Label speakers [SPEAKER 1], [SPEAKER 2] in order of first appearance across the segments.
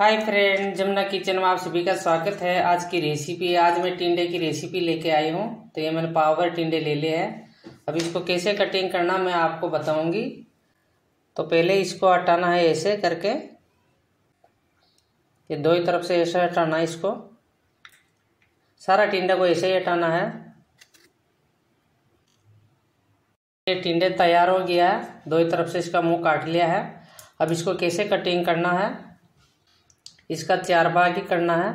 [SPEAKER 1] हाय friend Jamuna kitchen में आप सभी का स्वागत है आज की रेसिपी आज मैं टिंडे की रेसिपी लेके आई हूँ तो ये मैंने पावर टिंडे ले लिए हैं अब इसको कैसे कटिंग करना मैं आपको बताऊंगी तो पहले इसको हटाना है ऐसे करके ये दो ही तरफ से ऐसे हटाना है इसको सारा टिंडे को ऐसे ही हटाना है ये टिंडे तैयार हो गया है दो ही तरफ से इसका मुंह काट लिया है अब इसको कैसे कटिंग करना है इसका चार भाग ही करना है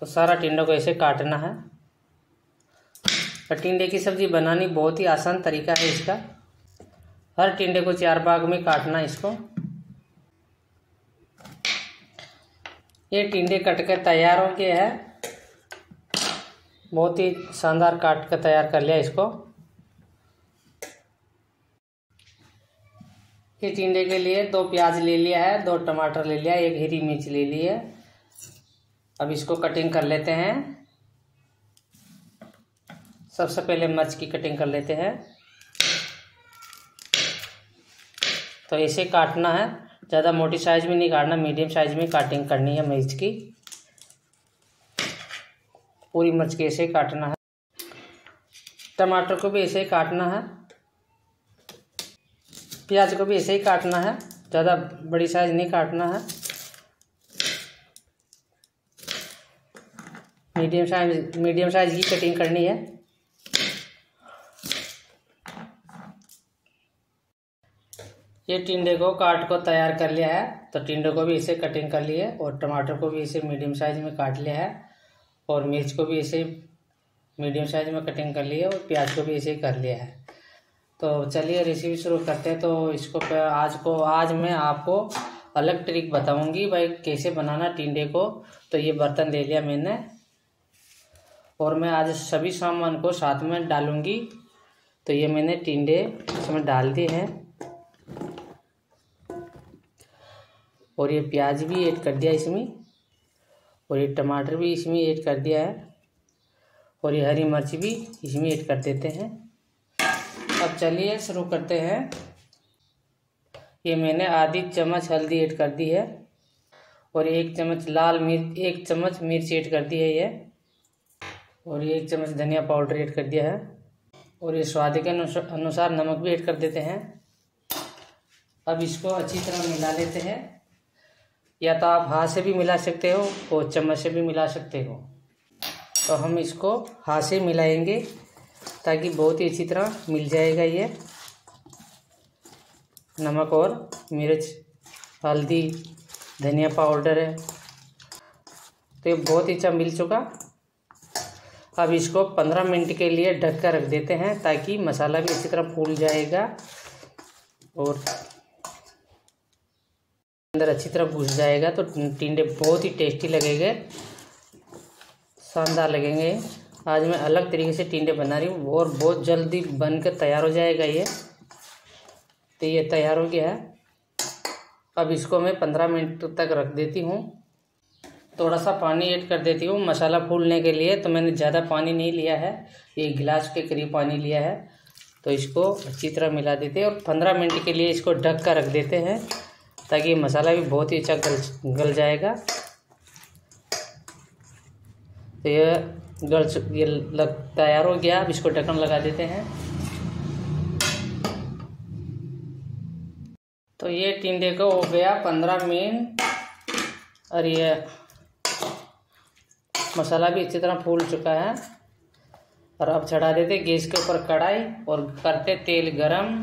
[SPEAKER 1] तो सारा टिंडे को ऐसे काटना है और टिंडे की सब्ज़ी बनानी बहुत ही आसान तरीका है इसका हर टिंडे को चार भाग में काटना है इसको ये टिंडे कट के तैयार हो गए हैं बहुत ही शानदार काट कर तैयार कर लिया इसको फिर टिंडे के लिए दो प्याज ले लिया है दो टमाटर ले लिया एक हरी मिर्च ले ली है अब इसको कटिंग कर लेते हैं सबसे पहले मर्च की कटिंग कर लेते हैं तो ऐसे काटना है ज़्यादा मोटी साइज में नहीं काटना मीडियम साइज में काटिंग करनी है मिर्च की पूरी मिर्च के ऐसे ही काटना है टमाटर को भी ऐसे ही काटना है प्याज को भी ऐसे ही काटना है ज़्यादा बड़ी साइज नहीं काटना है मीडियम साइज मीडियम साइज की कटिंग करनी है ये टिंडे को काट को तैयार कर लिया है तो टिंडे को भी इसे कटिंग कर है और टमाटर को भी इसे मीडियम साइज में काट लिया है और मिर्च को भी इसे मीडियम साइज में कटिंग कर लिए और प्याज को भी इसे कर लिया है तो चलिए रेसिपी शुरू करते हैं तो इसको आज को आज मैं आपको अलग ट्रिक बताऊंगी भाई कैसे बनाना टिंडे को तो ये बर्तन ले लिया मैंने और मैं आज सभी सामान को साथ में डालूंगी तो ये मैंने टिंडे इसमें डाल दिए हैं और ये प्याज भी ऐड कर दिया इसमें और ये टमाटर भी इसमें ऐड कर दिया है और ये हरी मिर्च भी इसमें ऐड कर देते हैं अब चलिए शुरू करते हैं ये मैंने आधी चम्मच हल्दी ऐड कर दी है और एक चम्मच लाल मिर्च एक चम्मच मिर्च ऐड कर दी है ये और एक चम्मच धनिया पाउडर ऐड कर दिया है और ये स्वाद के अनुसार नमक भी ऐड कर देते हैं अब इसको अच्छी तरह मिला लेते हैं या तो आप हाथ से भी मिला सकते हो और चम्मच से भी मिला सकते हो तो हम इसको हाथ से मिलाएंगे ताकि बहुत ही अच्छी तरह मिल जाएगा ये नमक और मिर्च हल्दी धनिया पाउडर है तो ये बहुत ही अच्छा मिल चुका अब इसको पंद्रह मिनट के लिए ढक कर रख देते हैं ताकि मसाला भी अच्छी तरह फूल जाएगा और अंदर अच्छी तरह घुस जाएगा तो टिंडे बहुत ही टेस्टी लगेंगे शानदार लगेंगे आज मैं अलग तरीके से टिंडे बना रही हूँ और बहुत जल्दी बनकर तैयार हो जाएगा ये तो ये तैयार हो गया है अब इसको मैं पंद्रह मिनट तक रख देती हूँ थोड़ा सा पानी ऐड कर देती हूँ मसाला फूलने के लिए तो मैंने ज़्यादा पानी नहीं लिया है ये गिलास के करीब पानी लिया है तो इसको अच्छी तरह मिला देते हैं और पंद्रह मिनट के लिए इसको ढक कर रख देते हैं ताकि मसाला भी बहुत ही अच्छा गल गल जाएगा तो यह गल ये लग तैयार हो गया अब इसको ढक्कन लगा देते हैं तो ये टिंडे का हो गया पंद्रह मिनट और ये मसाला भी अच्छी तरह फूल चुका है और अब चढ़ा देते गैस के ऊपर कढ़ाई और करते तेल गरम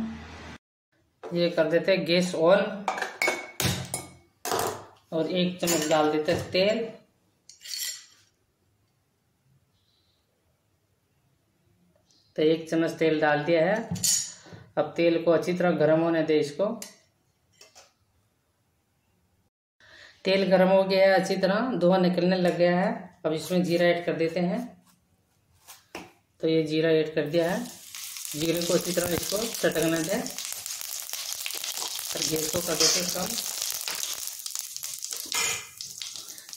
[SPEAKER 1] ये कर देते गैस ऑन और एक चम्मच डाल देते तेल तो एक चम्मच तेल डाल दिया है अब तेल को अच्छी तरह गर्म होने दे इसको तेल गर्म हो गया है अच्छी तरह धुआं निकलने लग गया है अब इसमें जीरा ऐड कर देते हैं तो ये जीरा ऐड कर दिया है जीरे को अच्छी तरह इसको चटकने दें और गैस को कर देते कम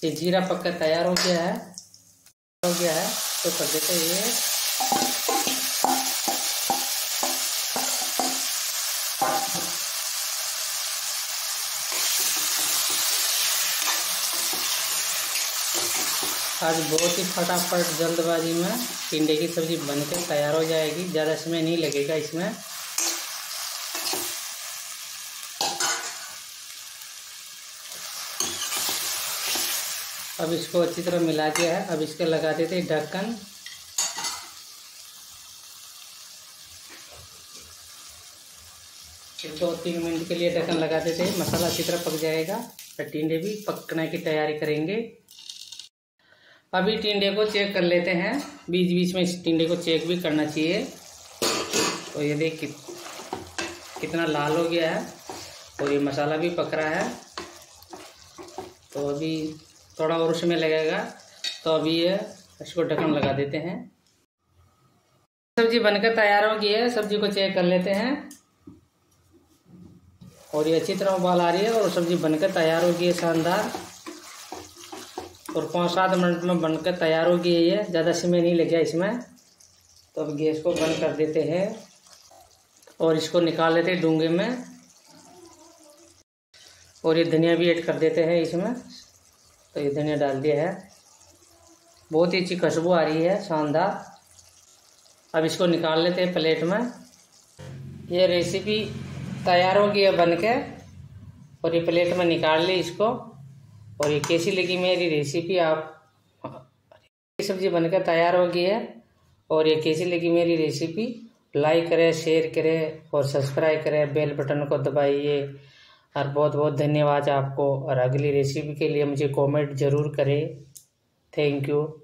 [SPEAKER 1] ये जीरा पककर तैयार हो गया है हो गया है तो कर देते ये आज बहुत ही फटाफट जल्दबाजी में टिंडे की सब्ज़ी बनकर तैयार हो जाएगी ज़्यादा समय नहीं लगेगा इसमें अब इसको अच्छी तरह मिला दिया है अब इसके लगा देते ढक्कन दो तीन मिनट के लिए ढक्कन लगा देते मसाला अच्छी तरह पक जाएगा और टिंडे भी पकने की तैयारी करेंगे अभी टिंडे को चेक कर लेते हैं बीच बीच में इस टिंडे को चेक भी करना चाहिए तो ये देख कितना लाल हो गया है और ये मसाला भी पक रहा है तो अभी थोड़ा और उसमें लगेगा तो अभी ये इसको ढक्कन लगा देते हैं सब्जी बनकर तैयार हो गई है सब्जी को चेक कर लेते हैं और ये अच्छी तरह उबाल आ रही है और सब्जी बनकर तैयार हो गई है शानदार और पाँच सात मिनट में बनकर तैयार हो है ये ज़्यादा समय नहीं लग गया इसमें तो अब गैस को बंद कर देते हैं और इसको निकाल लेते हैं डूंगे में और ये धनिया भी ऐड कर देते हैं इसमें तो ये धनिया डाल दिया है बहुत ही अच्छी खुशबू आ रही है शानदार अब इसको निकाल लेते हैं प्लेट में ये रेसिपी तैयार हो गई है बन के और ये प्लेट में निकाल ली इसको और ये कैसी लगी मेरी रेसिपी आप सब्जी बनकर तैयार हो गई है और ये कैसी लगी मेरी रेसिपी लाइक करें शेयर करें और सब्सक्राइब करें बेल बटन को दबाइए और बहुत बहुत धन्यवाद आपको और अगली रेसिपी के लिए मुझे कमेंट ज़रूर करें थैंक यू